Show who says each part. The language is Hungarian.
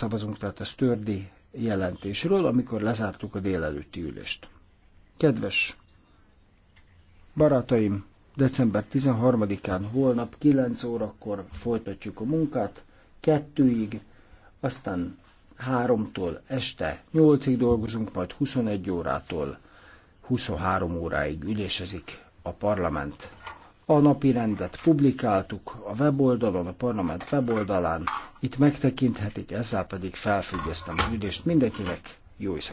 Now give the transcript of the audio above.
Speaker 1: Szavazunk tehát a Stördi jelentésről, amikor lezártuk a délelőtti ülést. Kedves barátaim, december 13-án holnap 9 órakor folytatjuk a munkát, kettőig, aztán háromtól este 8-ig dolgozunk, majd 21 órától 23 óráig ülésezik a parlament a napi rendet publikáltuk a weboldalon, a parlament weboldalán. Itt megtekinthetik, ezzel pedig felfüggesztem az ülést. Mindenkinek jó is